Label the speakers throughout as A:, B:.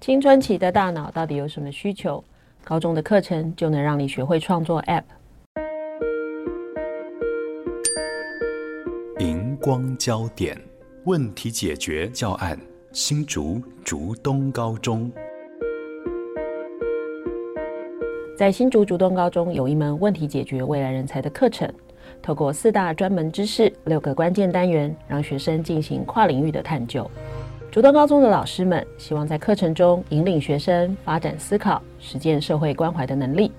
A: 青春期的大腦到底有什麼需求？高中的課程就能讓你學會創作 App。
B: 熒光焦點問題解決教案，新竹竹東高中。
A: 在新竹竹東高中有一門問題解決未來人才的課程，透過四大專門知識、六個關鍵單元，讓學生進行跨領域的探究。竹東高中的老師們希望在課程中引領學生發展思考、實踐社會關懷的能力，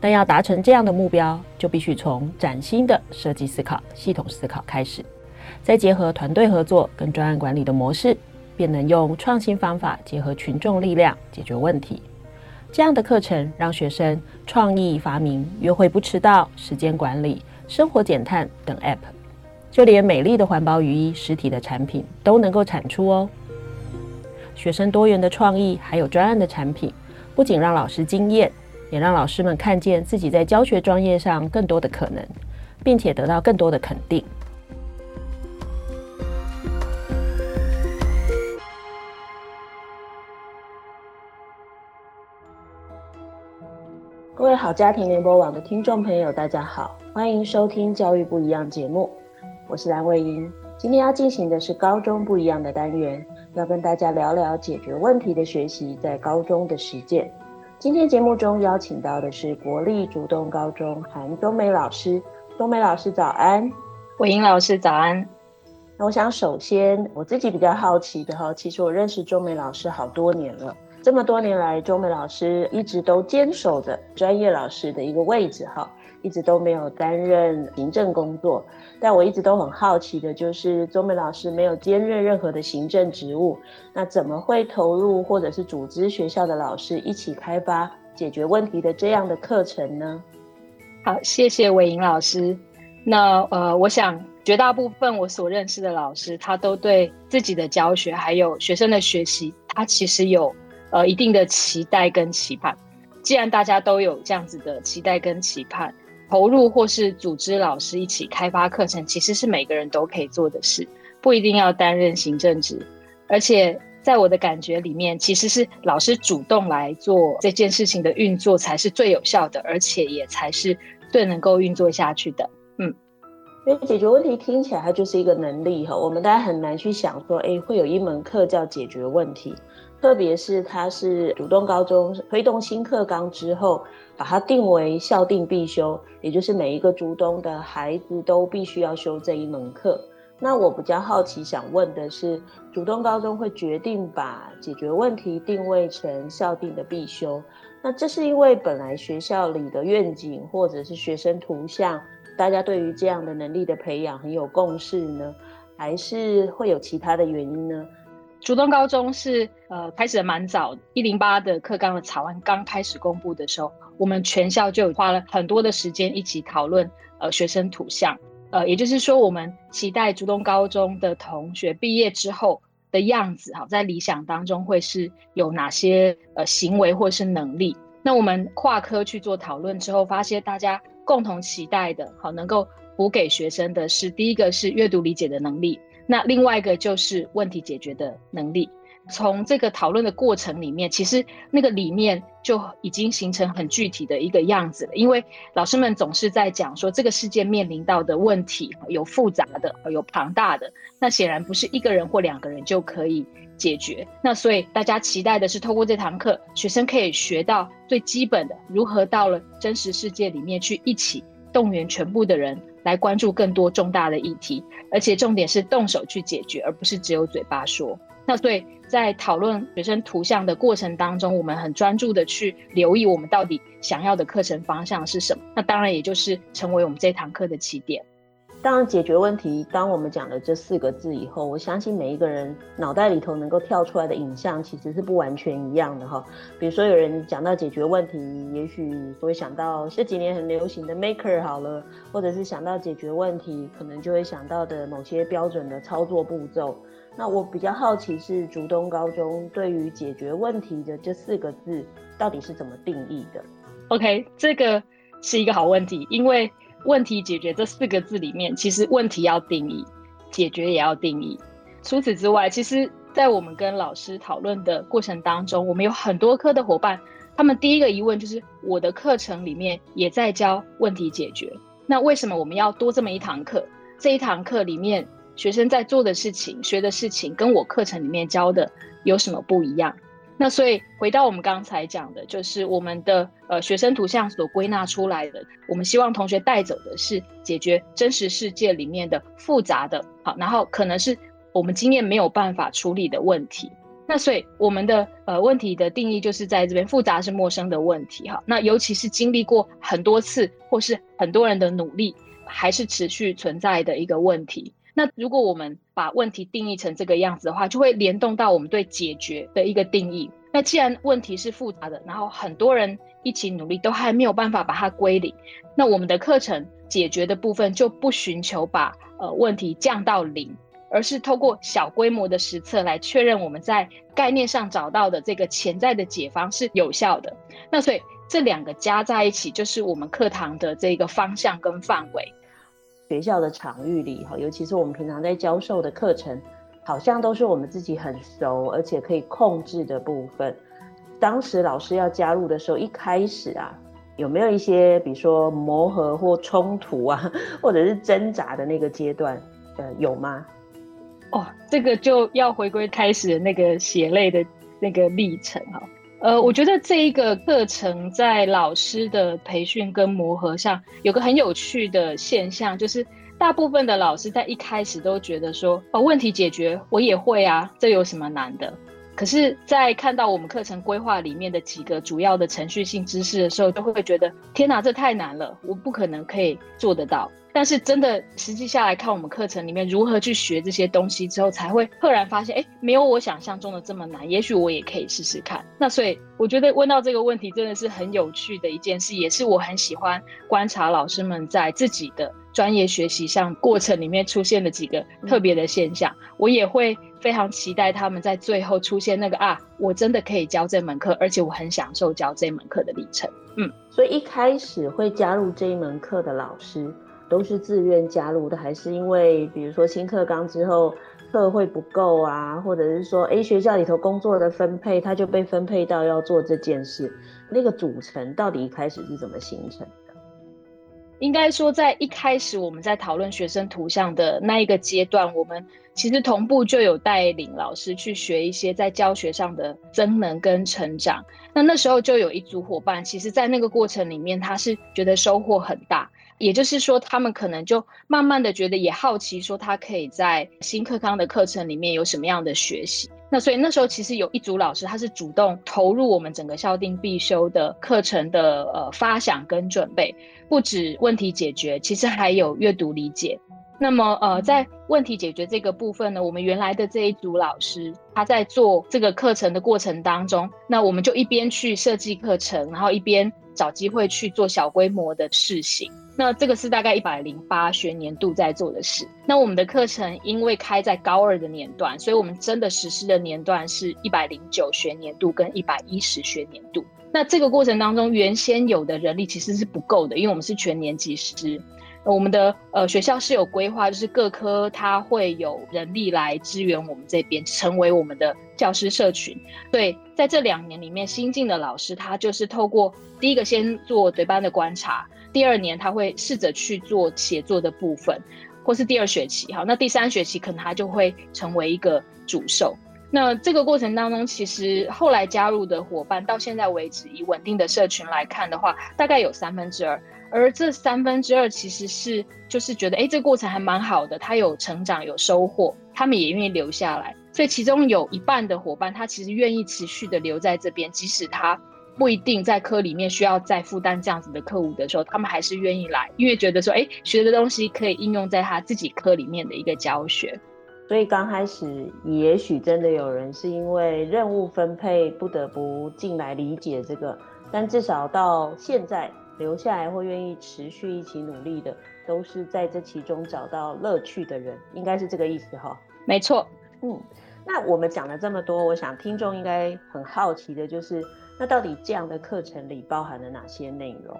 A: 但要達成這樣的目標，就必須從嶄新的設計思考、系統思考開始，再結合團隊合作跟專案管理的模式，便能用創新方法結合群眾力量解決問題。這樣的課程讓學生創意發明、約會不遲到、時間管理、生活減碳等 App，就連美麗的環保雨衣實體的產品都能夠產出哦。學生多元的創意，還有專案的產品，不僅讓老師驚艷，也讓老師們看見自己在教學專業上更多的可能，並且得到更多的肯定。各位好，家庭聯播網的聽眾朋友，大家好，歡迎收聽《教育不一樣》節目，我是藍偉瑩，今天要進行的是高中不一樣的單元。要跟大家聊聊解決問題的學習在高中的實踐。今天節目中邀請到的是國立竹東高中韓中梅老師，中梅老師早安，偉瑩老師早安。那我想首先我自己比較好奇的哈，其實我認識中梅老師好多年了，這麼多年來，中梅老師一直都堅守着專業老師的一個位置哈。一直都沒有擔任行政工作，但我一直都很好奇的，就是中梅老師沒有兼任任何的行政職務，那怎麼會投入或者是組織學校的老師一起開發解決問題的這樣的課程呢？好，謝謝偉瑩老師。那呃，我想絕
B: 大部分我所認識的老師，他都對自己的教學還有學生的學習，他其實有呃一定的期待跟期盼。既然大家都有這樣子的期待跟期盼。投入或是組織老師一起開發課程，其實是每個人都可以做的事，不一定要擔任行政職。而且在我的感覺裡面，其實是老師主動來做這件事情的運作才是最有效的，
A: 而且也才是最能夠運作下去的。嗯，解決問題聽起來它就是一個能力哈，我們大家很難去想說，誒、欸，會有一門課叫解決問題。特別是它是竹東高中推動新課綱之後，把它定為校定必修，也就是每一個竹東的孩子都必須要修這一門課。那我比較好奇，想問的是，竹東高中會決定把解決問題定位成校定的必修，那這是因為本來學校裡的願景或者是學生圖像，大家對於這樣的能力的培養很有共識呢，還是會有其他的原因呢？竹東高中是
B: 呃開始的蠻早，一零八的課綱的草案剛開始公布的時候，我們全校就花了很多的時間一起討論呃學生圖像，呃也就是說我們期待竹東高中的同學畢業之後的樣子哈，在理想當中會是有哪些呃行為或是能力？那我們跨科去做討論之後，發現大家共同期待的，好能夠補給學生的是第一個是閱讀理解的能力。那另外一個就是問題解決的能力。從這個討論的過程裡面，其實那個裡面就已經形成很具體的一個樣子了。因為老師們總是在講說，這個世界面臨到的問題有複雜的，有龐大的，那顯然不是一個人或兩個人就可以解決。那所以大家期待的是，透過這堂課，學生可以學到最基本的如何到了真實世界裡面去一起動員全部的人。來關注更多重大的議題，而且重點是動手去解決，而不是只有嘴巴說。那對，在討論學生圖像的過程當中，我們很專注的去留意我們到底想要的課程
A: 方向是什麼？那當然也就是成為我們這堂課的起點。當解決問題，當我們講了這四個字以後，我相信每一個人腦袋裡頭能夠跳出來的影像其實是不完全一樣的哈。比如說，有人講到解決問題，也許會想到這幾年很流行的 Maker 好了，或者是想到解決問題，可能就會想到的某些標準的操作步驟。那我比較好奇是竹東高中對於解決問題的這四個字到底是怎麼定義的
B: ？OK，這個是一個好問題，因為。問題解決這四個字裡面，其實問題要定義，解決也要定義。除此之外，其實，在我們跟老師討論的過程當中，我們有很多科的夥伴，他們第一個疑問就是：我的課程裡面也在教問題解決，那為什麼我們要多這麼一堂課？這一堂課裡面學生在做的事情、學的事情，跟我課程裡面教的有什麼不一樣？那所以回到我們剛才講的，就是我們的呃學生圖像所歸納出來的，我們希望同學帶走的是解決真實世界裡面的複雜的，好，然後可能是我們經驗沒有辦法處理的問題。那所以我們的呃問題的定義就是在這邊，複雜是陌生的問題哈，那尤其是經歷過很多次或是很多人的努力還是持續存在的一個問題。那如果我們把問題定義成這個樣子的話，就會聯動到我們對解決的一個定義。那既然問題是複雜的，然後很多人一起努力都還沒有辦法把它歸零，那我們的課程解決的部分就不尋求把呃問題降到零，而是透過小規模的實測來確認我們在概念上找到的這個潛在的解方是有效的。那所以這兩個加在一起，就是我們課堂的這個方向跟範圍。
A: 學校的場域裡，哈，尤其是我們平常在教授的課程，好像都是我們自己很熟，而且可以控制的部分。當時老師要加入的時候，一開始啊，有沒有一些，比如說磨合或衝突啊，或者是掙扎的那個階段，呃，有嗎？
B: 哦，這個就要回歸開始的那個血淚的那個歷程，哦。呃，我覺得這一個課程在老師的培訓跟磨合上，有個很有趣的現象，就是大部分的老師在一開始都覺得說，把、哦、問題解決我也會啊，這有什麼難的？可是，在看到我們課程規劃裡面的幾個主要的程序性知識的時候，就會覺得，天哪，這太難了，我不可能可以做得到。但是真的實際下來看我們課程裡面如何去學這些東西之後，才會赫然發現，誒，沒有我想象中的這麼難。也許我也可以試試看。那所以我覺得問到這個問題真的是很有趣的一件事，也是我很喜歡觀察老師們在自己的專業學習上過程裡面出現的幾個特別的現象。嗯，我也會非常期待他們在最後出現那個啊，
A: 我真的可以教這門課，而且我很享受教這門課的歷程。嗯，所以一開始會加入這一門課的老師。都是自願加入的，還是因為比如說新課綱之後，課會不夠啊，或者是說誒、欸、學校裡頭工作的分配，他就被分配到要做這件事。那個組成到底一開始是怎麼形成的？
B: 應該說，在一開始我們在討論學生圖像的那一個階段，我們其實同步就有帶領老師去學一些在教學上的增能跟成長。那那時候就有一組夥伴，其實在那個過程裡面，他是覺得收穫很大。也就是說，他們可能就慢慢的覺得也好奇，說他可以在新課綱的課程裡面有什麼樣的學習。那所以那時候其實有一組老師，他是主動投入我們整個校訂必修的課程的呃發想跟準備，不止問題解決，其實還有閱讀理解。那麼呃在問題解決這個部分呢，我們原來的這一組老師他在做這個課程的過程當中，那我們就一邊去設計課程，然後一邊找機會去做小規模的試行。那這個是大概一百零八學年度在做的事。那我們的課程因為開在高二的年段，所以我們真的實施的年段是一百零九學年度跟一百一十學年度。那這個過程當中，原先有的人力其實是不夠的，因為我們是全年級實施。那我們的呃學校是有規劃，就是各科它會有人力來支援我們這邊，成為我們的教師社群。對，在這兩年裡面，新進的老師他就是透過第一個先做對班的觀察。第二年他會試着去做協作的部分，或是第二學期好，那第三學期可能他就會成為一個主授。那這個過程當中，其實後來加入的夥伴到現在為止，以穩定的社群來看的話，大概有三分之二。而這三分之二其實是就是覺得，哎，這個過程還蠻好的，他有成長有收穫，他們也願意留下來。所以其中有一半的夥伴，他其實願意持續的留在這邊，即使他。不一定在科裡面需要再負擔這樣子的課務的時候，他們還是願意來，因為覺得說，哎、欸，學的東西可以應用在他自己科裡面的一
A: 個教學。所以剛開始也許真的有人是因為任務分配不得不進來理解這個，但至少到現在留下來或願意持續一起努力的，都是在這其中找到樂趣的人，應該是這個意思哈。沒錯，嗯，那我們講了這麼多，我想聽眾應該很好奇的就是。那到底這樣的課程裡包含了哪些內容？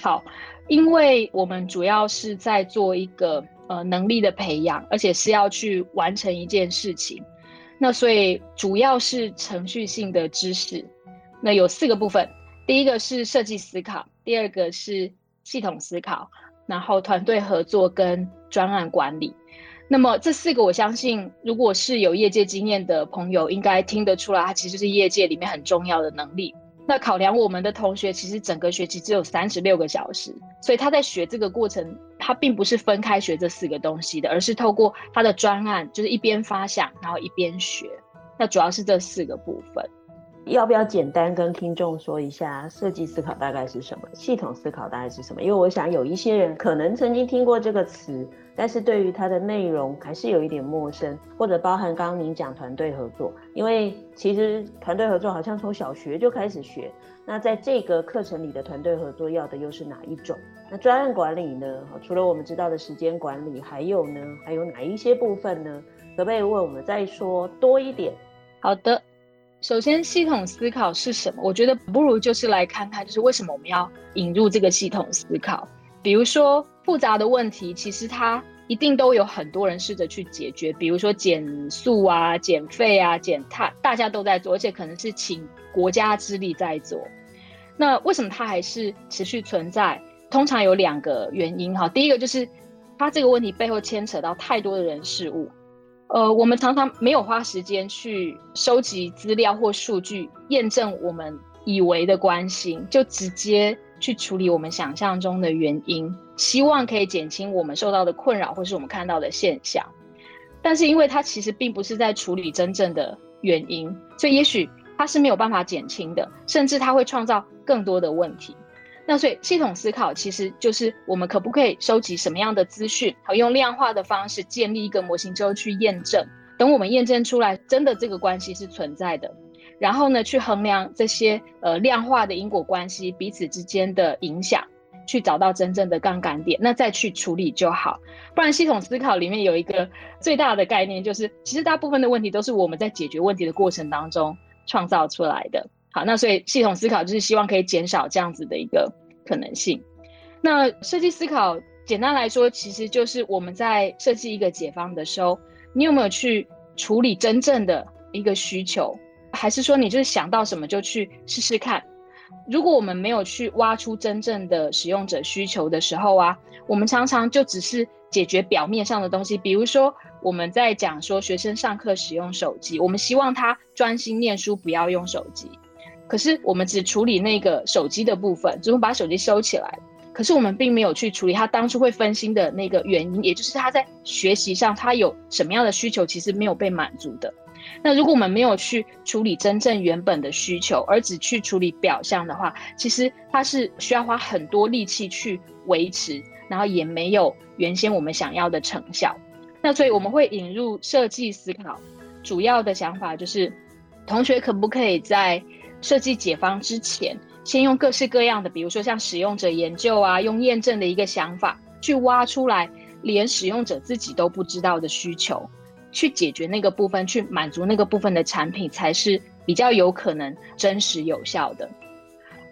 A: 好，因為我們主要是在做一個呃能力的培養，
B: 而且是要去完成一件事情。那所以主要是程序性的知識。那有四個部分，第一個是設計思考，第二個是系統思考，然後團隊合作跟專案管理。那麼這四個，我相信如果是有業界經驗的朋友，應該聽得出來，它其實是業界裡面很重要的能力。那考量我們的同學，其實整個學期只有三十六個小時，所以他在學這個過程，他並不是分開學這四個東西的，而是透過他的
A: 專案，就是一
B: 邊發想，然後一邊學。
A: 那主要是這四個部分，要不要簡單跟聽眾說一下設計思考大概是什麼，系統思考大概是什麼？因為我想有一些人可能曾經聽過這個詞。但是對於它的內容還是有一點陌生，或者包含剛剛您講團隊合作，因為其實團隊合作好像從小學就開始學，那在這個課程裡的團隊合作要的又是哪一種？那專案管理呢？除了我們知道的時間管理，還有呢？還有哪一些部分呢？可不可以為我們再說多一點？好的，首
B: 先系統思考是什麼？我覺得不如就是來看看，就是為什麼我們要引入這個系統思考。比如說複雜的問題，其實它一定都有很多人試着去解決。比如說減速啊、減費啊、減碳，大家都在做，而且可能是請國家之力在做。那為什麼它還是持續存在？通常有兩個原因哈。第一個就是它這個問題背後牽扯到太多的人事物，呃，我們常常沒有花時間去收集資料或數據驗證我們以為的關係，就直接。去處理我們想象中的原因，希望可以減輕我們受到的困擾或是我們看到的現象，但是因為它其實並不是在處理真正的原因，所以也許它是沒有辦法減輕的，甚至它會創造更多的問題。那所以系統思考其實就是我們可不可以收集什麼樣的資訊，好用量化的方式建立一個模型之後去驗證，等我們驗證出來真的這個關係是存在的。然後呢，去衡量這些呃量化的因果關係彼此之間的影響，去找到真正的槓桿點，那再去處理就好。不然，系統思考裡面有一個最大的概念，就是其實大部分的問題都是我們在解決問題的過程當中創造出來的。好，那所以系統思考就是希望可以減少這樣子的一個可能性。那設計思考，簡單來說，其實就是我們在設計一個解方的時候，你有沒有去處理真正的一個需求？還是說，你就是想到什麼就去試試看？如果我們沒有去挖出真正的使用者需求的時候啊，我們常常就只是解決表面上的東西。比如說，我們在講說學生上課使用手機，我們希望他專心念書，不要用手機。可是我們只處理那個手機的部分，只用把手機收起來。可是我們並沒有去處理他當初會分心的那個原因，也就是他在學習上他有什麼樣的需求，其實沒有被滿足的。那如果我們沒有去處理真正原本的需求，而只去處理表象的話，其實它是需要花很多力氣去維持，然後也沒有原先我們想要的成效。那所以我們會引入設計思考，主要的想法就是，同學可不可以在設計解方之前，先用各式各樣的，比如說像使用者研究啊，用驗證的一個想法去挖出來，連使用者自己都不知道的需求。去解決那個部分，去滿足那個部分的產品，才是比較有可能真實有效的。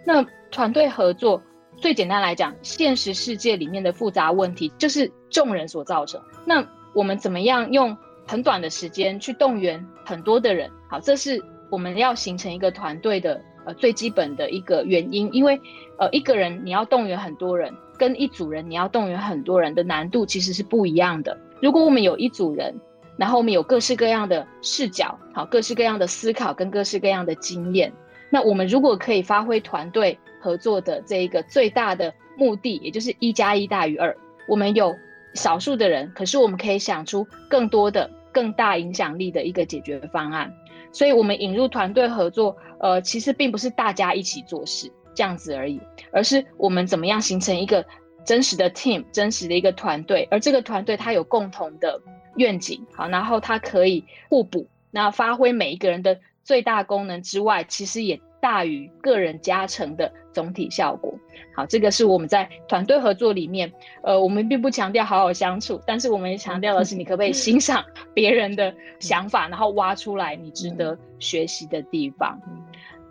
B: 那團隊合作，最簡單來講，現實世界裡面的複雜問題就是眾人所造成。那我們怎麼樣用很短的時間去動員很多的人？好，這是我們要形成一個團隊的，呃，最基本的一個原因。因為，呃，一個人你要動員很多人，跟一組人你要動員很多人的難度其實是不一樣的。如果我們有一組人，然後我們有各式各樣的視角，好，各式各樣的思考跟各式各樣的經驗。那我們如果可以發揮團隊合作的這一個最大的目的，也就是一加一大於二。我們有少數的人，可是我們可以想出更多的、更大影響力的一個解決方案。所以，我們引入團隊合作，呃，其實並不是大家一起做事這樣子而已，而是我們怎麼樣形成一個真實的 team，真實的一個團隊，而這個團隊它有共同的願景，好，然後它可以互補，那發揮每一個人的最大功能之外，其實也大於個人加成的總體效果。好，這個是我們在團隊合作裡面，呃，我們並不強調好好相處，但是我們也強調的是，你可不可以欣賞別人的想法， 然後挖出來你值得學習的地方。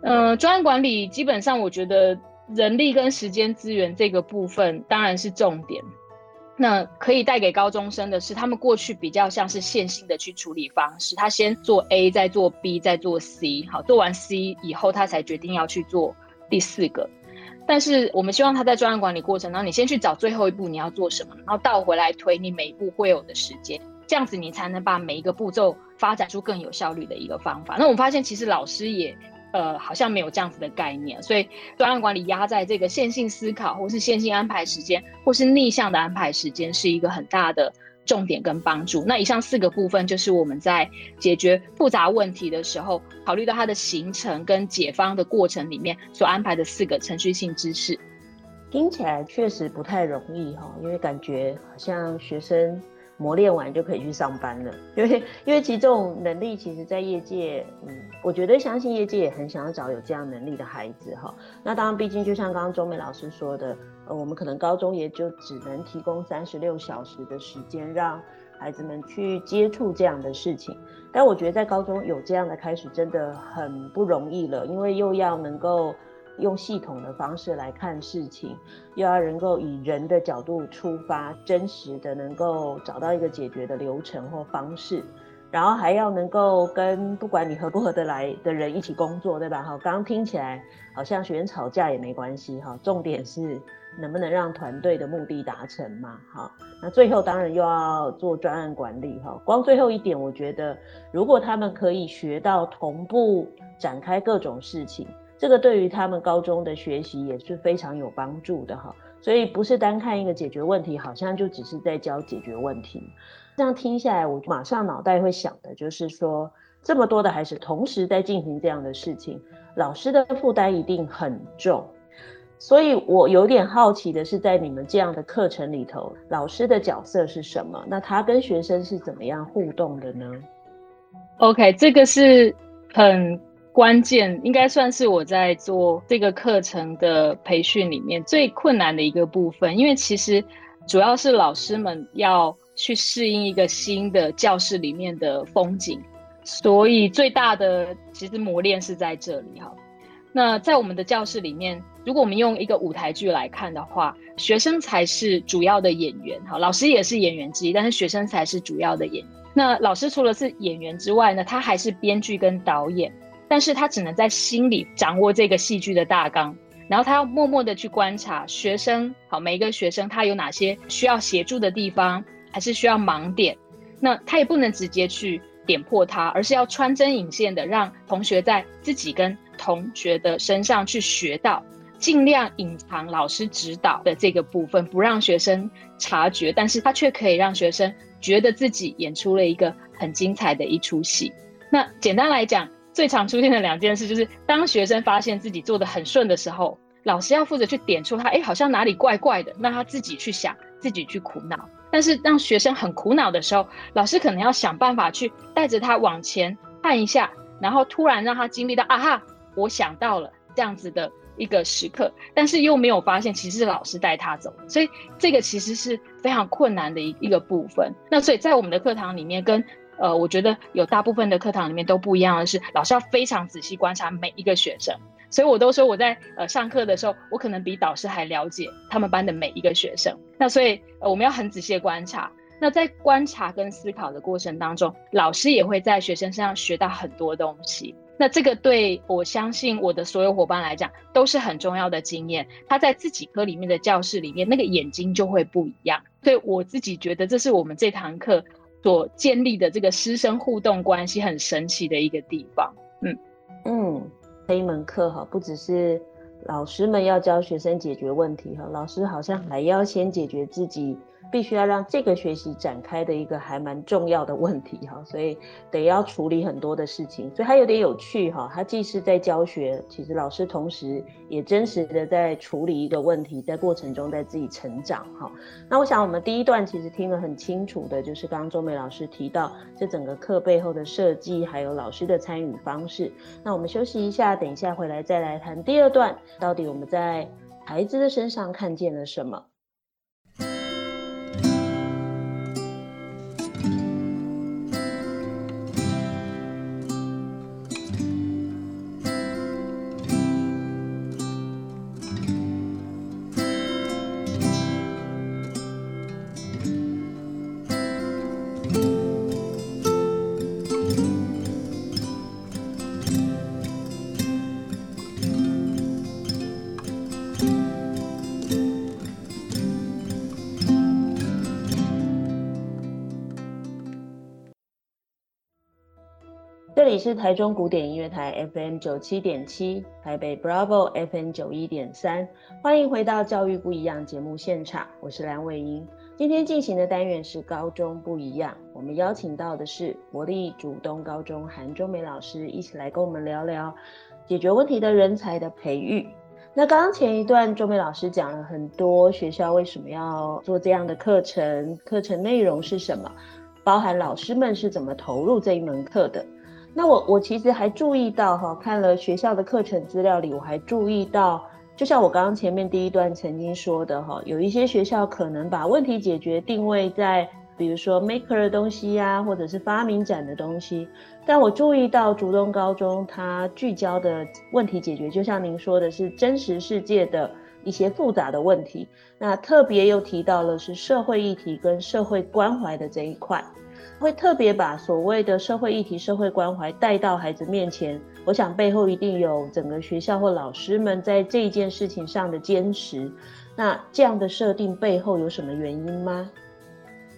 B: 嗯，專、呃、專案管理基本上，我覺得人力跟時間資源這個部分當然是重點。那可以帶給高中生的是，他們過去比較像是線性的去處理方式，他先做 A，再做 B，再做 C，好，做完 C 以後，他才決定要去做第四個。但是我們希望他在專案管理過程當中，你先去找最後一步你要做什麼，然後倒回來推你每一步會有的時間，這樣子你才能把每一個步驟發展出更有效率的一個方法。那我們發現，其實老師也。呃，好像沒有這樣子的概念，所以專案管理壓在這個線性思考，或是線性安排時間，或是逆向的安排時間，是一個很大的重點跟幫助。那以上四個部分，就是我們在解決複雜問題的時候，考慮到它的形成
A: 跟解方的過程裡面所安排的四個程序性知識。聽起來確實不太容易哈、哦，因為感覺好像學生。磨練完就可以去上班了，因為因為其實這種能力，其實，在業界，嗯，我覺得相信業界也很想要找有這樣能力的孩子哈。那當然，畢竟就像剛剛中梅老師說的，呃，我們可能高中也就只能提供三十六小時的時間，讓孩子們去接觸這樣的事情。但我覺得在高中有這樣的開始真的很不容易了，因為又要能夠。用系統的方式來看事情，又要能夠以人的角度出發，真實的能夠找到一個解決的流程或方式，然後還要能夠跟不管你合不合得來的人一起工作，對吧？哈，剛剛聽起來好像學員吵架也沒關係哈，重點是能不能讓團隊的目的達成嘛？好，那最後當然又要做專案管理哈，光最後一點，我覺得如果他們可以學到同步展開各種事情。這個對於他們高中的學習也是非常有幫助的哈，所以不是單看一個解決問題，好像就只是在教解決問題。這樣聽下來，我馬上腦袋會想的就是說，這麼多的孩子同時在進行這樣的事情，老師的負擔一定很重。所以我有點好奇的是，在你們這樣的課程裡頭，老師的角色是什麼？那他跟學生是怎麼樣互動的呢
B: ？OK，這個是很。關鍵應該算是我在做這個課程的培訓裡面最困難的一個部分，因為其實主要是老師們要去適應一個新的教室裡面的風景，所以最大的其實磨練是在這裡哈。那在我們的教室裡面，如果我們用一個舞台劇來看的話，學生才是主要的演員哈，老師也是演員之一，但是學生才是主要的演員。那老師除了是演員之外呢，他還是編劇跟導演。但是他只能在心裡掌握這個戲劇的大綱，然後他要默默的去觀察學生，好，每一個學生他有哪些需要協助的地方，還是需要盲點，那他也不能直接去點破他，而是要穿針引線的讓同學在自己跟同學的身上去學到，盡量隱藏老師指導的這個部分，不讓學生察覺，但是他卻可以讓學生覺得自己演出了一個很精彩的一齣戲。那簡單來講。最常出現的兩件事，就是當學生發現自己做得很順的時候，老師要負責去點出他，哎，好像哪裡怪怪的，讓他自己去想，自己去苦惱。但是當學生很苦惱的時候，老師可能要想辦法去帶着他往前看一下，然後突然讓他經歷到啊哈，我想到了這樣子的一個時刻，但是又沒有發現其實是老師帶他走，所以這個其實是非常困難的一一個部分。那所以在我們的課堂裡面跟，呃，我覺得有大部分的課堂裡面都不一樣的是，老師要非常仔細觀察每一個學生，所以我都說我在呃上課的時候，我可能比導師還了解他們班的每一個學生。那所以，呃，我們要很仔細觀察。那在觀察跟思考的過程當中，老師也會在學生身上學到很多東西。那這個對我相信我的所有夥伴來講都是很重要的經驗。他在自己科裡面的教室裡面，那個眼睛就會不一樣。所以我自己覺得這是我們這堂課所建立的這個師生互動關係，很神奇的一個地方，
A: 嗯嗯，這一門課哈，不只是老師們要教學生解決問題哈，老師好像還要先解決自己。必須要讓這個學習展開的一個還蠻重要的問題哈，所以得要處理很多的事情，所以他有點有趣哈。他既是在教學，其實老師同時也真實的在處理一個問題，在過程中在自己成長哈。那我想我們第一段其實聽得很清楚的，就是剛剛中梅老師提到這整個課背後的設計，還有老師的參與方式。那我們休息一下，等一下回來再來談第二段，到底我們在孩子的身上看見了什麼？是台中古典音樂台 FM 九七點七，台北 Bravo FM 九一點三，歡迎回到《教育不一樣》節目現場，我是藍偉瑩。今天進行的單元是高中不一樣，我們邀請到的是國立竹東高中韓中梅老師，一起來跟我們聊聊解決問題的人才的培育。那剛剛前一段中梅老師講了很多學校為什麼要做這樣的課程，課程內容是什麼，包含老師們是怎麼投入這一門課的。那我我其實還注意到哈，看了學校的課程資料裡，我還注意到，就像我剛剛前面第一段曾經說的哈，有一些學校可能把問題解決定位在，比如說 maker 的東西呀、啊，或者是發明展的東西，但我注意到竹東高中它聚焦的問題解決，就像您說的是真實世界的。一些複雜的問題，那特別又提到了是社會議題跟社會關懷的這一塊，會特別把所謂的社會議題、社會關懷帶到孩子面前。我想背後一定有整個學校或老師們在這件事情上的堅持。那這樣的設定背後有什麼原因嗎？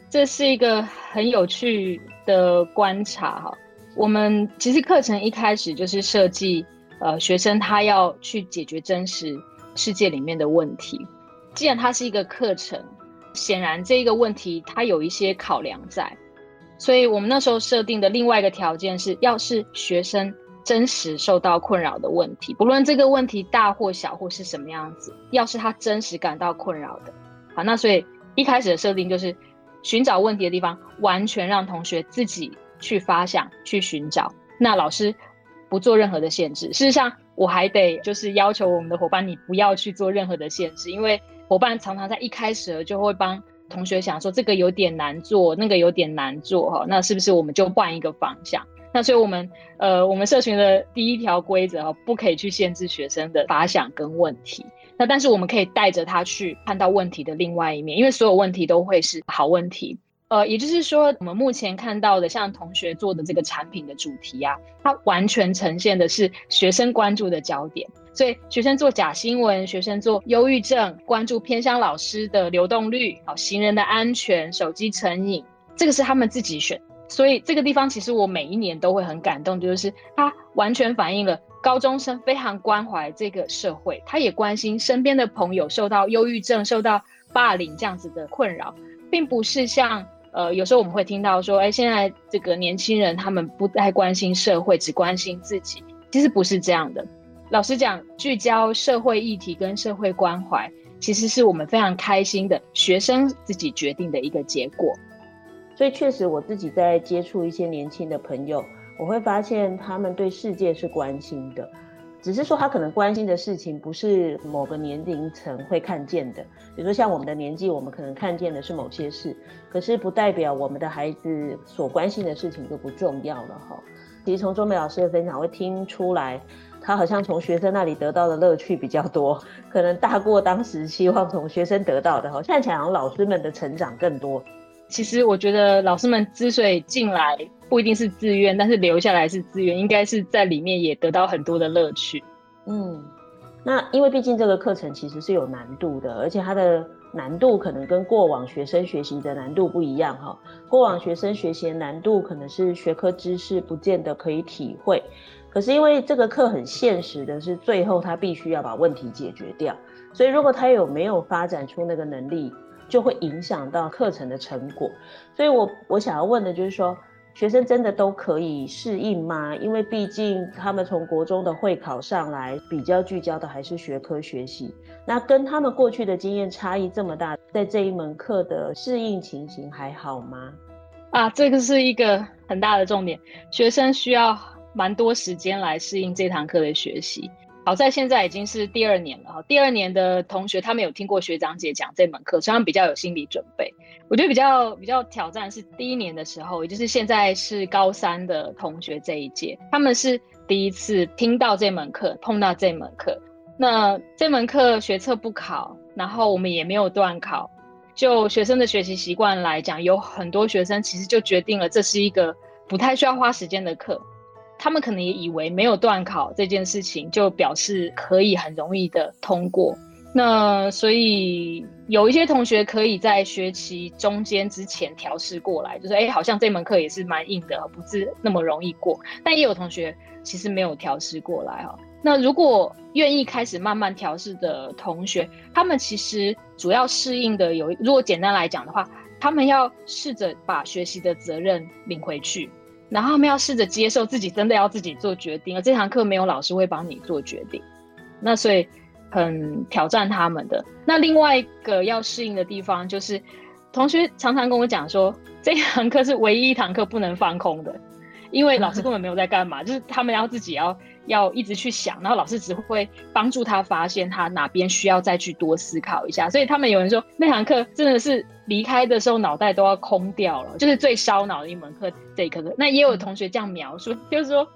A: 這是一個很有趣
B: 的觀察哈。我們其實課程一開始就是設計，呃，學生他要去解決真實。世界裡面的問題，既然它是一個課程，顯然這個問題它有一些考量在，所以我們那時候設定的另外一個條件是，要是學生真實受到困擾的問題，不論這個問題大或小或是什麼樣子，要是他真實感到困擾的，好，那所以一開始的設定就是尋找問題的地方，完全讓同學自己去發想去尋找，那老師不做任何的限制，事實上。我還得就是要求我們的夥伴，你不要去做任何的限制，因為夥伴常常在一開始就會幫同學想說這個有點難做，那個有點難做，哈，那是不是我們就換一個方向？那所以我們呃，我們社群的第一條規則哈，不可以去限制學生的發想跟問題。那但是我們可以帶着他去看到問題的另外一面，因為所有問題都會是好問題。呃，也就是說，我們目前看到的像同學做的這個產品的主題啊，它完全呈現的是學生關注的焦點。所以，學生做假新聞，學生做憂鬱症，關注偏鄉老師的流動率，好，行人的安全，手機成癮，這個是他們自己選。所以，這個地方其實我每一年都會很感動，就是它完全反映了高中生非常關懷這個社會，他也關心身邊的朋友受到憂鬱症、受到霸凌這樣子的困擾，並不是像。呃，有時候我們會聽到說，哎、欸，現在這個年輕人他們不太關心社會，只關心自己。其實不是這樣的。老實講，聚焦社會議題跟社會關懷，其實是我們非常開
A: 心的學生自己決定的一個結果。所以確實，我自己在接觸一些年輕的朋友，我會發現他們對世界是關心的。只是說他可能關心的事情，不是某個年齡層會看見的。比如說像我們的年紀，我們可能看見的是某些事，可是不代表我們的孩子所關心的事情就不重要了哈。其實從中梅老師的分享會聽出來，他好像從學生那裡得到的樂趣比較多，可能大過當時希望從學生得到的哈。現在想讓老師們的成長更多。其實我覺得老師們之所以進
B: 來不一定是自願，但是留下來是自願，應該是在裡面也得到很多的樂趣。
A: 嗯，那因為畢竟這個課程其實是有難度的，而且它的難度可能跟過往學生學習的難度不一樣哈、哦。過往學生學習的難度可能是學科知識不見得可以體會，可是因為這個課很現實的是，最後他必須要把問題解決掉，所以如果他有沒有發展出那個能力。就會影響到課程的成果，所以我我想要問的就是說，學生真的都可以適應嗎？因為畢竟他們從國中的會考上來，比較聚焦的還是學科學習，那跟他們過去的經驗差異這麼大，在這一門課的適應情形還好嗎？啊，這個是一個
B: 很大的重點，學生需要蠻多時間來適應這堂課的學習。好在現在已經是第二年了哈，第二年的同學他們有聽過學長姐講這門課，雖然比較有心理準備，我覺得比較比較挑戰是第一年的時候，也就是現在是高三的同學這一屆，他們是第一次聽到這門課，碰到這門課，那這門課學測不考，然後我們也沒有段考，就學生的學習習慣來講，有很多學生其實就決定了這是一個不太需要花時間的課。他們可能也以為沒有段考這件事情，就表示可以很容易的通過。那所以有一些同學可以在學期中間之前調試過來，就是誒好像這門課也是蠻硬的，不是那麼容易過。但也有同學其實沒有調試過來哈、哦。那如果願意開始慢慢調試的同學，他們其實主要適應的有，如果簡單來講的話，他們要試着把學習的責任領回去。然後他們要試着接受自己，真的要自己做決定。而這堂課沒有老師會幫你做決定，那所以很挑戰他們的。那另外一個要適應的地方，就是同學常常跟我講說，這堂課是唯一一堂課不能放空的，因為老師根本沒有在幹嘛， 就是他們要自己要要一直去想，然後老師只會幫助他發現他哪邊需要再去多思考一下。所以他們有人說，那堂課真的是。離開的時候腦袋都要空掉了，就是最燒腦的一門課，這一課的。那也有同學這樣描述，就是說，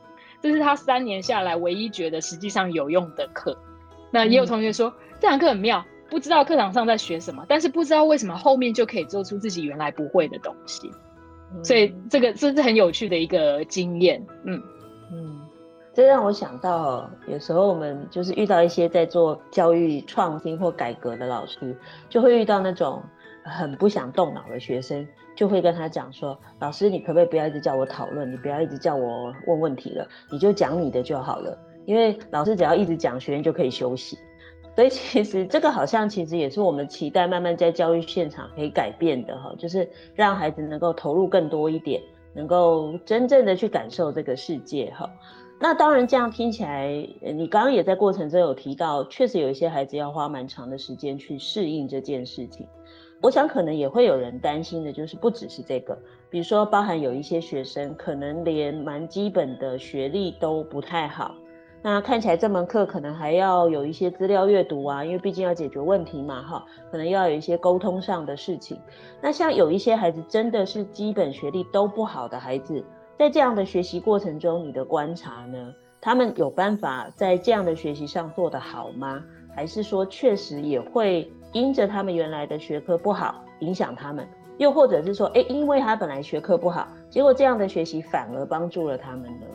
B: 這是他三年下來唯一覺得實際上有用的課。那也有同學說，這堂課很妙，不知道課堂上在學什麼，但是不知道為什麼後面就可以做出自己原來不會的東西。所以這個，這是很有趣的一個經驗。嗯嗯，
A: 這讓我想到，有時候我們就是遇到一些在做教育創新或改革的老師，就會遇到那種。很不想動腦的學生，就會跟他講說：“老師，你可不可以不要一直叫我討論？你不要一直叫我問問題了，你就講你的就好了。因為老師只要一直講，學員就可以休息。所以其實這個好像其實也是我們期待慢慢在教育現場可以改變的哈，就是讓孩子能夠投入更多一點，能夠真正的去感受這個世界哈。那當然，這樣聽起來，你剛剛也在過程中有提到，確實有一些孩子要花蠻長的時間去適應這件事情。”我想可能也會有人擔心的，就是不只是這個，比如說包含有一些學生可能連蠻基本的學歷都不太好，那看起來這門課可能還要有一些資料閱讀啊，因為畢竟要解決問題嘛，哈，可能要有一些溝通上的事情。那像有一些孩子真的是基本學歷都不好的孩子，在這樣的學習過程中，你的觀察呢，他們有辦法在這樣的學習上做得好嗎？還是說確實也會？因着他們原來的學科不好，影響他們；又或者是說，誒，因為他本來學科不好，結果這樣的學習反而幫助了他們呢？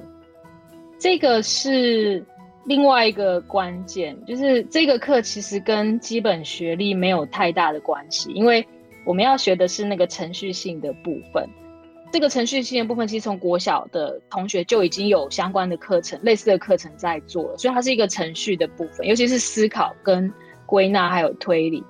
A: 這個是另
B: 外一個關鍵，就是這個課其實跟基本學歷沒有太大的關係，因為我們要學的是那個程序性的部分。這個程序性的部分，其實從國小的同學就已經有相關的課程、類似的課程在做了，所以它是一個程序的部分，尤其是思考跟。歸納還有推理，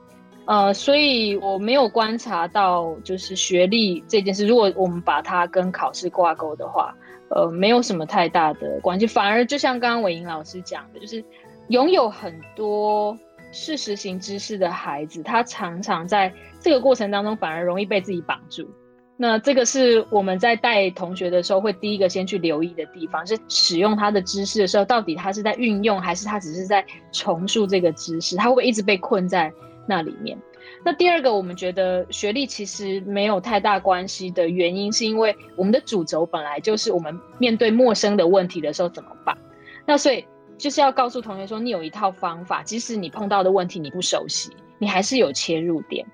B: 呃，所以我沒有觀察到，就是學歷這件事，如果我們把它跟考試掛鈎的話，呃，沒有什麼太大的關係，反而就像剛剛偉瑩老師講的，就是擁有很多事實型知識的孩子，他常常在這個過程當中反而容易被自己綁住。那這個是我們在帶同學的時候，會第一個先去留意的地方，是使用他的知識的時候，到底他是在運用，還是他只是在重塑這個知識？他會不會一直被困在那裡面？那第二個，我們覺得學歷其實沒有太大關係的原因，是因為我們的主軸本來就是我們面對陌生的問題的時候怎麼辦？那所以就是要告訴同學說，你有一套方法，即使你碰到的問題你不熟悉，你還是有切入點。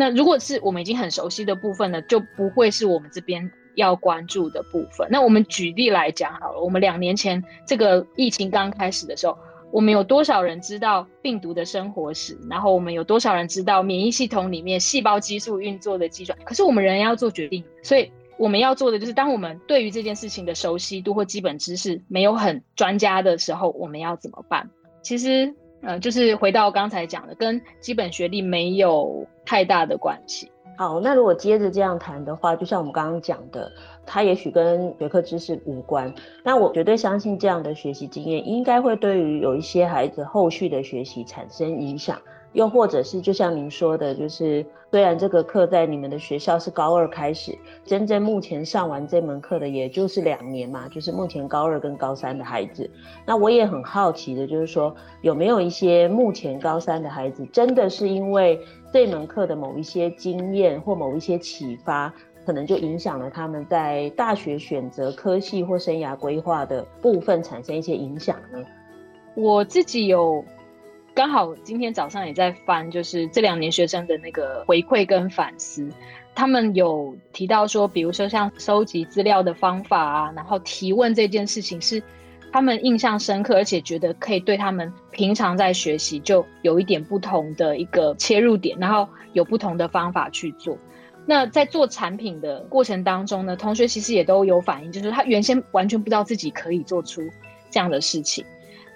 B: 那如果是我們已經很熟悉的部分呢，就不會是我們這邊要關注的部分。那我們舉例來講好了，我們兩年前這個疫情剛開始的時候，我們有多少人知道病毒的生活史？然後我們有多少人知道免疫系統裡面細胞激素運作的機制？可是我們仍然要做決定，所以我們要做的就是，當我們對於這件事情的熟悉度或基本知識沒有很專家的時候，我們要怎麼辦？其實。呃，就是回到剛才講的，跟基本學歷沒有太大的關係。
A: 好，那如果接着這樣談的話，就像我們剛剛講的，它也許跟學科知識無關。那我絕對相信這樣的學習經驗，應該會對於有一些孩子後續的學習產生影響。又或者是，就像您說的，就是雖然這個課在你們的學校是高二開始，真正目前上完這門課的，也就是兩年嘛，就是目前高二跟高三的孩子。那我也很好奇的，就是說有沒有一些目前高三的孩子，真的是因為這門課的某一些經驗或某一些啟發，可能就影響了他們在大學選擇科系或生涯規劃的部分產生一些影響呢？
B: 我自己有。剛好今天早上也在翻，就是這兩年學生的那個回饋跟反思，他們有提到說，比如說像收集資料的方法啊，然後提問這件事情是他們印象深刻，而且覺得可以對他們平常在學習就有一點不同的一個切入點，然後有不同的方法去做。那在做產品的過程當中呢，同學其實也都有反應，就是他原先完全不知道自己可以做出這樣的事情。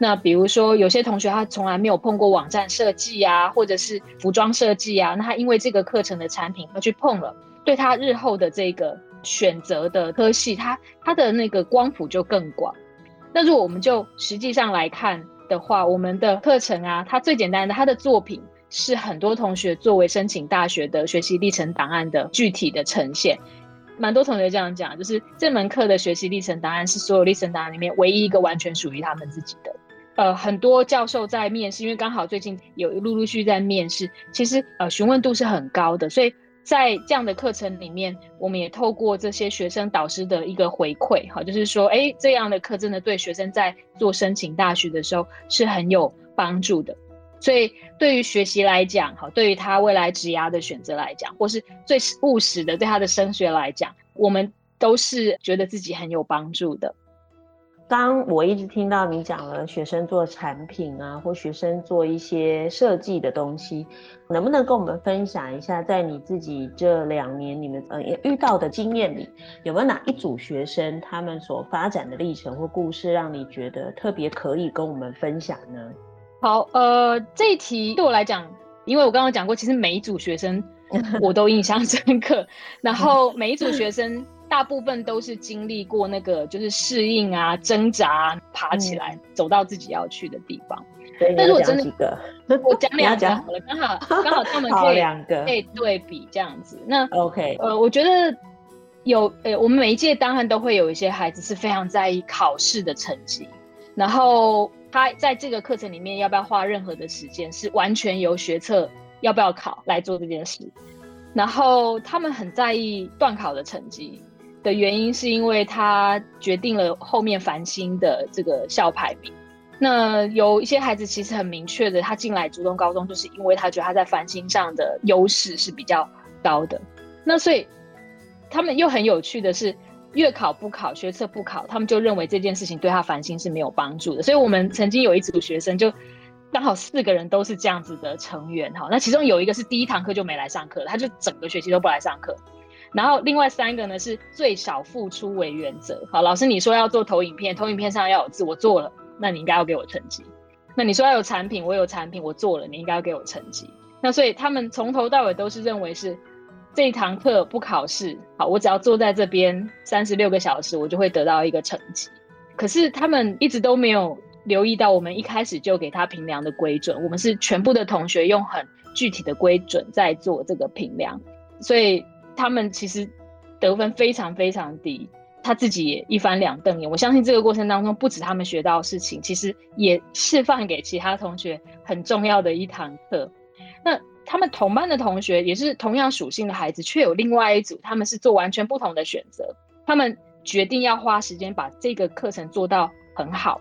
B: 那比如說，有些同學他從來沒有碰過網站設計啊，或者是服裝設計啊，那他因為這個課程的產品，他去碰了，對他日後的這個選擇的科系，他他的那個光譜就更廣。那如果我們就實際上來看的話，我們的課程啊，它最簡單的，他的作品是很多同學作為申請大學的學習歷程檔案的具體的呈現。蠻多同學這樣講，就是這門課的學習歷程檔案是所有歷程檔案裡面唯一一個完全屬於他們自己的。呃，很多教授在面試，因為剛好最近有陸陸續續在面試，其實呃詢問度是很高的，所以在這樣的課程裡面，我們也透過這些學生導師的一個回饋，哈、哦，就是說，哎，這樣的課真的對學生在做申請大學的時候是很有幫助的，所以對於學習來講，哈、哦，對於他未來職涯的選擇來講，或是最務實的對他的升學來講，我們都是覺
A: 得自己很有幫助的。當我一直聽到你講了學生做產品啊，或學生做一些設計的東西，能不能跟我們分享一下，在你自己這兩年你們呃也遇到的經驗裡，有沒有哪一組學生他們所發展的歷程或故事，讓你覺得特別可以跟我們分享呢？
B: 好，呃，這一題對我來講，因為我剛剛講過，其實每一組學生我都印象深刻， 然後每一組學生。大部分都是經歷過那個，就是適應啊、掙扎、啊、爬起來，走到自己要去的地方。
A: 那、嗯、我真的講
B: 我講兩個
A: 講好了，剛好剛好他們可以 兩個可以
B: 對比這樣子。那 OK，呃，我覺得有，呃，我們每一屆當然都會有一些孩子是非常在意考試的成績，然後他在這個課程裡面要不要花任何的時間，是完全由學測要不要考來做這件事，然後他們很在意段考的成績。的原因是因為他決定了後面繁星的這個校排名。那有一些孩子其實很明確的，他進來竹東高中，就是因為他覺得他在繁星上的優勢是比較高的。那所以他們又很有趣的是，月考不考，學測不考，他們就認為這件事情對他繁星是沒有幫助的。所以我們曾經有一組學生，就剛好四個人都是這樣子的成員。好，那其中有一個是第一堂課就沒來上課，他就整個學期都不來上課。然後另外三個呢，是最少付出為原則。好，老師你說要做投影片，投影片上要有字，我做了，那你應該要給我成績。那你說要有產品，我有產品，我做了，你應該要給我成績。那所以他們從頭到尾都是認為是這一堂課不考試，好，我只要坐在這邊三十六個小時，我就會得到一個成績。可是他們一直都沒有留意到我們一開始就給他評量的規準，我們是全部的同學用很具體的規準在做這個評量，所以。他們其實得分非常非常低，他自己也一翻兩瞪眼。我相信這個過程當中，不只他們學到的事情，其實也示範給其他同學很重要的一堂課。那他們同班的同學也是同樣屬性的孩子，卻有另外一組，他們是做完全不同的選擇。他們決定要花時間把這個課程做到很好。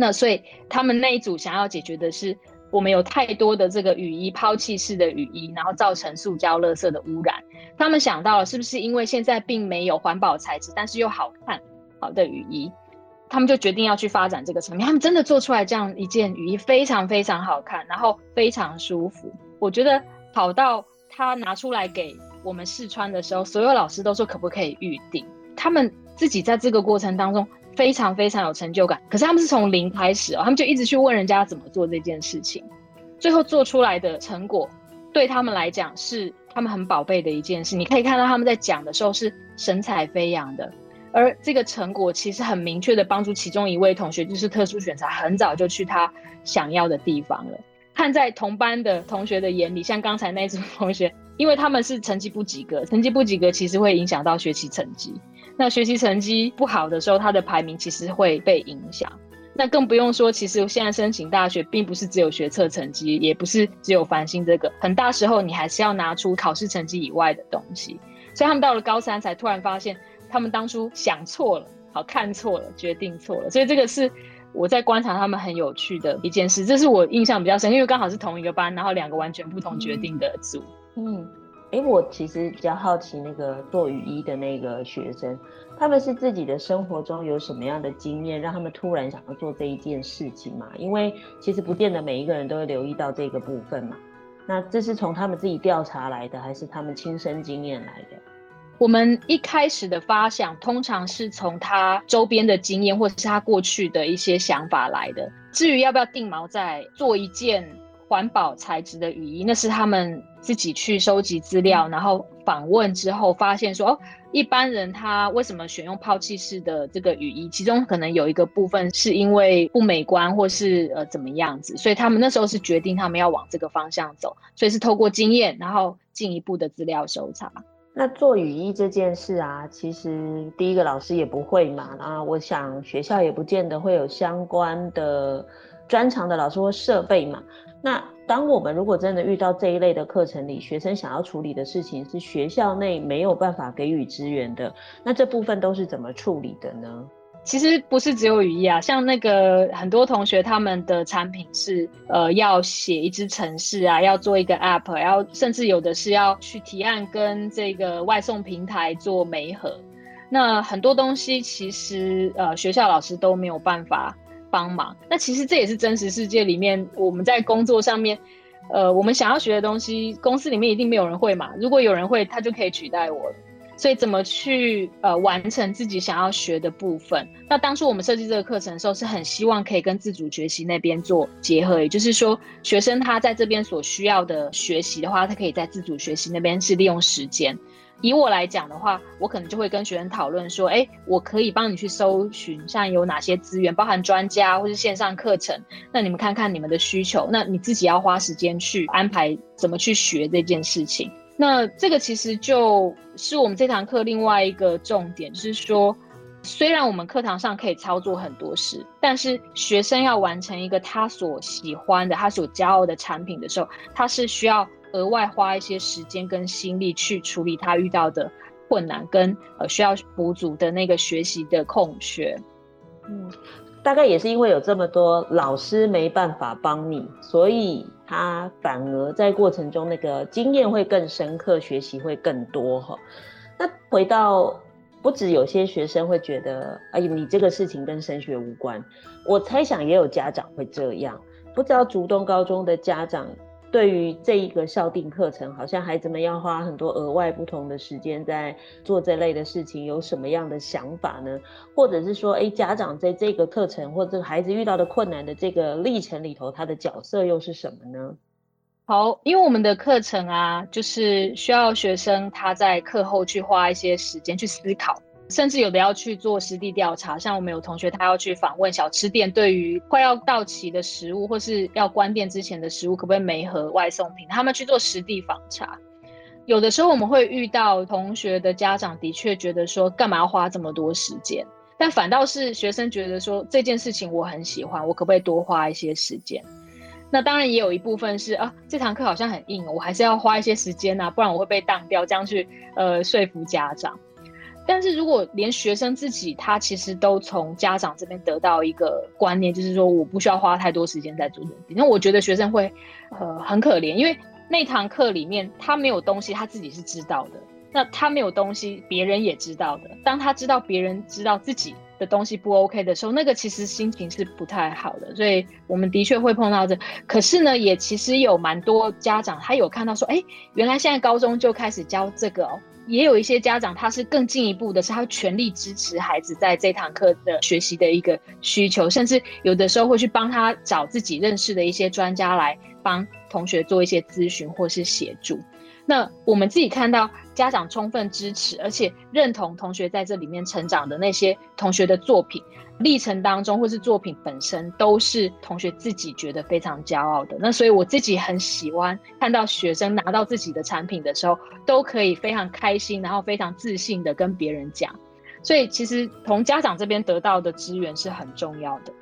B: 那所以他們那一組想要解決的是。我們有太多的這個雨衣，拋棄式的雨衣，然後造成塑膠垃圾的污染。他們想到了，是不是因為現在並沒有環保材質，但是又好看好的雨衣，他們就決定要去發展這個層面。他們真的做出來這樣一件雨衣，非常非常好看，然後非常舒服。我覺得跑到他拿出來給我們試穿的時候，所有老師都說可不可以預定。他們自己在這個過程當中。非常非常有成就感，可是他們是從零開始哦，他們就一直去問人家怎麼做這件事情，最後做出來的成果對他們來講是他們很寶貝的一件事。你可以看到他們在講的時候是神采飛揚的，而這個成果其實很明確的幫助其中一位同學，就是特殊選才，很早就去他想要的地方了。看在同班的同學的眼裡，像剛才那組同學，因為他們是成績不及格，成績不及格其實會影響到學期成績。那學習成績不好的時候，他的排名其實會被影響。那更不用說，其實現在申請大學並不是只有學測成績，也不是只有繁星這個，很大時候你還是要拿出考試成績以外的東西。所以他們到了高三才突然發現，他們當初想錯了，好看錯了，決定錯了。所以這個是我在觀察他們很有趣的一件事，這是我印象比較深，因為剛好是同一個班，然後兩個完全不同決定的組。嗯。嗯
A: 誒，我其實比較好奇那個做雨衣的那個學生，他們是自己的生活中有什麼樣的經驗，讓他們突然想要做這一件事情嘛？因為其實不見得每一個人都會留意到這個部分嘛。那這是從他們自己調查來的，還是他們親身經驗來的？
B: 我們
A: 一開始的發想通常是
B: 從他周邊的經驗，或是他過去的一些想法來的。至於要不要定毛，再做一件。環保材質的雨衣，那是他們自己去收集資料，然後訪問之後發現說，哦，一般人他為什麼選用拋棄式的這個雨衣？其中可能有一個部分是因為不美觀，或是呃怎麼樣子？所以他們那時候是決定他們要往這個方向走，所以是透過經驗，然後進一步的資料搜查。
A: 那做雨衣這件事啊，其實第一個老師也不會嘛，啊，我想學校也不見得會有相關的專長的老師或設備嘛。那當我們如果真的遇到這一類的課程裡，學生想要處理的事情是學校內沒有辦法給予支援的，那這部分都是怎麼處理的呢？
B: 其實不是只有語義啊，像那個很多同學他們的產品是呃要寫一支程式啊，要做一個 App，然後甚至有的是要去提案跟這個外送平台做媒合。那很多東西其實呃學校老師都沒有辦法。幫忙，那其實這也是真實世界裡面我們在工作上面，呃，我們想要學的東西，公司裡面一定沒有人會嘛。如果有人會，他就可以取代我了。所以怎麼去呃完成自己想要學的部分？那當初我們設計這個課程的時候，是很希望可以跟自主學習那邊做結合，也就是說，學生他在這邊所需要的學習的話，他可以在自主學習那邊是利用時間。以我來講的話，我可能就會跟學生討論說：“哎，我可以幫你去搜尋，像有哪些資源，包含專家或是線上課程。那你們看看你們的需求，那你自己要花時間去安排怎麼去學這件事情。那這個其實就是我們這堂課另外一個重點，就是說，雖然我們課堂上可以操作很多事，但是學生要完成一個他所喜歡的、他所驕傲的產品的時候，他是需要。”額外花一些時間跟心力去處理他遇到的困難跟呃需要補足的那個學
A: 習的空缺，嗯，大概也是因為有這麼多老師沒辦法幫你，所以他反而在過程中那個經驗會更深刻，學習會更多哈。那回到不止有些學生會覺得，哎，你這個事情跟升學無關，我猜想也有家長會這樣，不知道竹東高中的家長。對於這一個校訂課程，好像孩子們要花很多額外不同的時間在做這類的事情，有什麼樣的想法呢？或者是說，哎，家長在這個課程或者孩子遇到的困難的這個歷程裡頭，他的角色又是什麼呢？好，因為我們的課程啊，就是
B: 需要學生他在課後去花一些時間去思考。甚至有的要去做實地調查，像我們有同學他要去訪問小吃店，對於快要到期的食物或是要關店之前的食物，可不可以沒盒外送品？他們去做實地訪查。有的時候我們會遇到同學的家長的確覺得說，幹嘛要花這麼多時間？但反倒是學生覺得說，這件事情我很喜歡，我可不可以多花一些時間？那當然也有一部分是啊，這堂課好像很硬，我還是要花一些時間吶、啊，不然我會被當掉。這樣去呃說服家長。但是如果連學生自己，他其實都從家長這邊得到一個觀念，就是說我不需要花太多時間在做這件事。那我覺得學生會，呃，很可憐，因為那堂課裡面他沒有東西，他自己是知道的；那他沒有東西，別人也知道的。當他知道別人知道自己的東西不 OK 的時候，那個其實心情是不太好的。所以我們的確會碰到這，可是呢，也其實有蠻多家長，他有看到說，欸，原來現在高中就開始教這個哦。也有一些家長，他是更進一步的，是他全力支持孩子在這堂課的學習的一個需求，甚至有的時候會去幫他找自己認識的一些專家來幫同學做一些諮詢或是協助。那我們自己看到家長充分支持，而且認同同學在這裡面成長的那些同學的作品歷程當中，或是作品本身，都是同學自己覺得非常驕傲的。那所以我自己很喜歡看到學生拿到自己的產品的時候，都可以非常開心，然後非常自信的跟別人講。所以其實從家長這邊得到的資源是很重要的。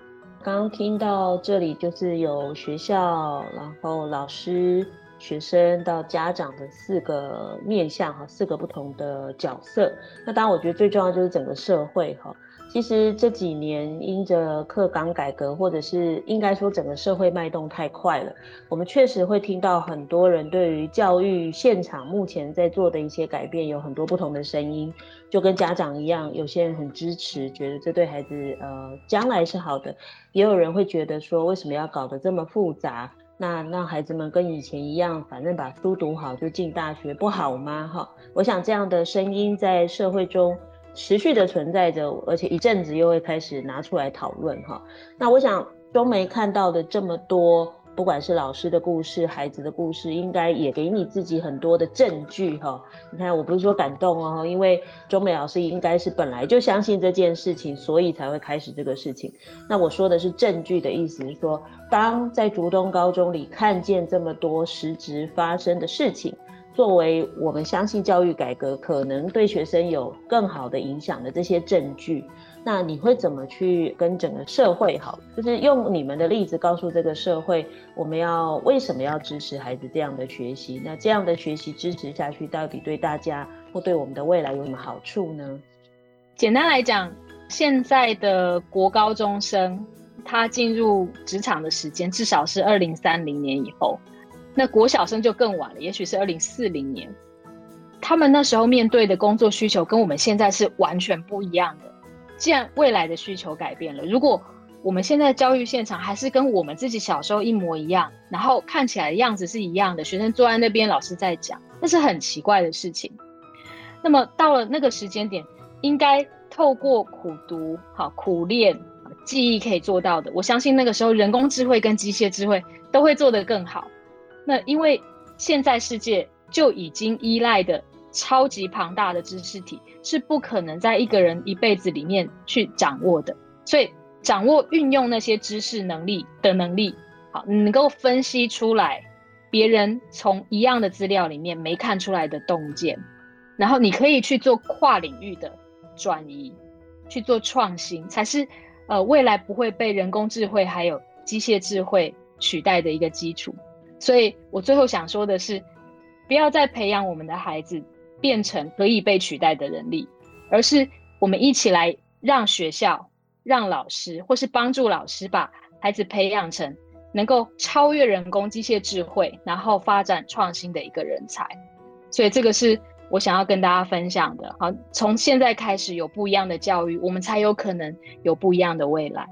A: 剛剛聽到這裡，就是有學校，然後老師。學生到家長的四個面向，和四個不同的角色，那當然，我覺得最重要的就是整個社會哈。其實這幾年因着課綱改革，或者是應該說整個社會脈動太快了，我們確實會聽到很多人對於教育現場目前在做的一些改變有很多不同的聲音，就跟家長一樣，有些人很支持，覺得這對孩子呃將來是好的，也有人會覺得說，為什麼要搞得這麼複雜？那讓孩子們跟以前一樣，反正把書讀好就進大學，不好嗎？哈，我想這樣的聲音在社會中持續的存在着，而且一陣子又會開始拿出來討論。哈，那我想中梅看到的這麼多。不管是老師的故事、孩子的故事，應該也給你自己很多的證據哈、哦。你看，我不是說感動哦，因為中梅老師應該是本來就相信這件事情，所以才會開始這個事情。那我說的是證據的意思，是說當在竹東高中裡看見這麼多實質發生的事情，作為我們相信教育改革可能對學生有更好的影響的這些證據。那你會怎麼去跟整個社會，好，就是用你們的例子告訴這個社會，我們要為什麼要支持孩子這樣的學習？那這樣的學習支持下去，到底對大家或對我們的未來有什麼好處呢？簡單來講，
B: 現在的國高中生他進入職場的時間至少是二零三零年以後，那國小生就更晚了，也許是二零四零年，他們那時候面對的工作需求跟我們現在是完全不一樣的。既然未來的需求改變了，如果我們現在教育現場還是跟我們自己小時候一模一樣，然後看起來的樣子是一樣的，學生坐在那邊，老師在講，那是很奇怪的事情。那麼到了那個時間點，應該透過苦讀、好苦練、記憶可以做到的，我相信那個時候人工智慧跟機械智慧都會做得更好。那因為現在世界就已經依賴的。超級龐大的知識體是不可能在一個人一輩子裡面去掌握的，所以掌握運用那些知識能力的能力，好，你能夠分析出來別人從一樣的資料裡面沒看出來的洞見，然後你可以去做跨領域的轉移，去做創新，才是呃未來不會被人工智慧還有機械智慧取代的一個基礎。所以我最後想說的是，不要再培養我們的孩子，變成可以被取代的人力，而是我們一起來讓學校、讓老師，或是幫助老師把孩子培養成能夠超越人工機械智慧，然後發展創新的一個人才。所以這個是我想要跟大家分享的。好，從現在開始有不一樣的教育，我們
A: 才有可能有不一樣的未來。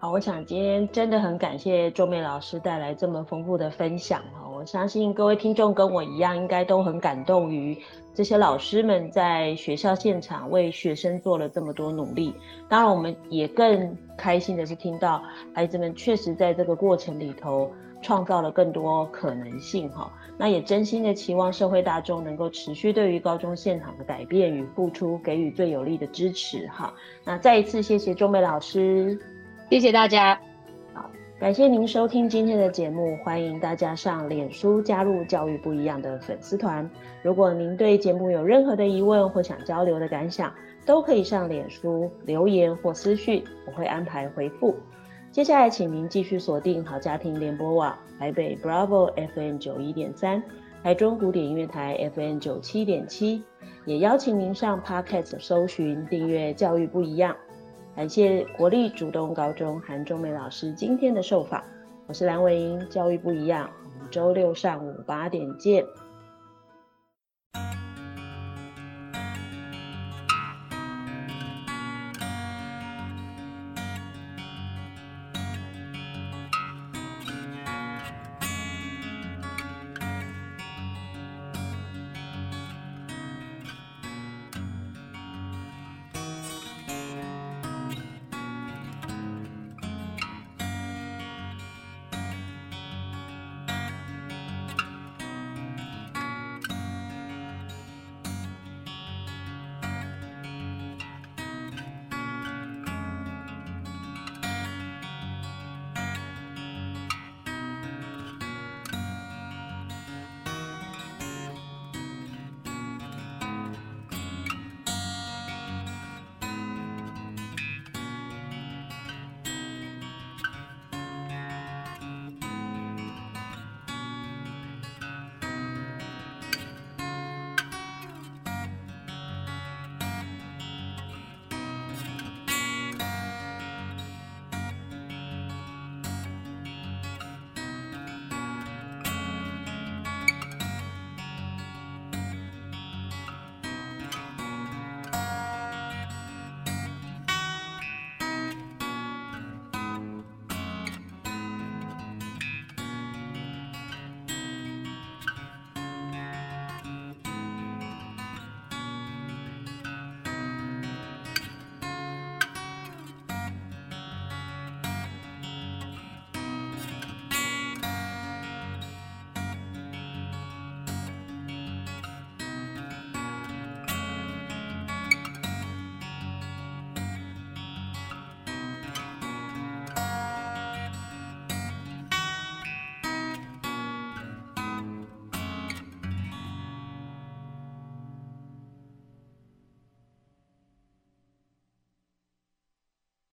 A: 好，我想今天真的很感謝中梅老師帶來這麼豐富的分享哈。我相信各位聽眾跟我一樣，應該都很感動於。這些老師們在學校現場為學生做了這麼多努力，當然我們也更開心的是聽到孩子們確實在這個過程裡頭創造了更多可能性哈。那也真心的期望社會大眾能夠持續對於高中現場的改變與付出給予最有力的支持哈。那再一次謝謝中梅老師，謝謝大家。感謝您收聽今天的節目，歡迎大家上臉書加入“教育不一樣”的粉絲團。如果您對節目有任何的疑問或想交流的感想，都可以上臉書留言或私訊，我會安排回復。接下來，請您繼續鎖定好家庭聯播網、台北 Bravo FM 九一點三、台中古典音樂台 FM 九七點七，也邀請您上 Podcast 搜尋訂閱“教育不一樣”。感謝國立竹東高中韓中梅老師今天的受訪，我是藍偉瑩，教育不一樣，我們周六上午八點見。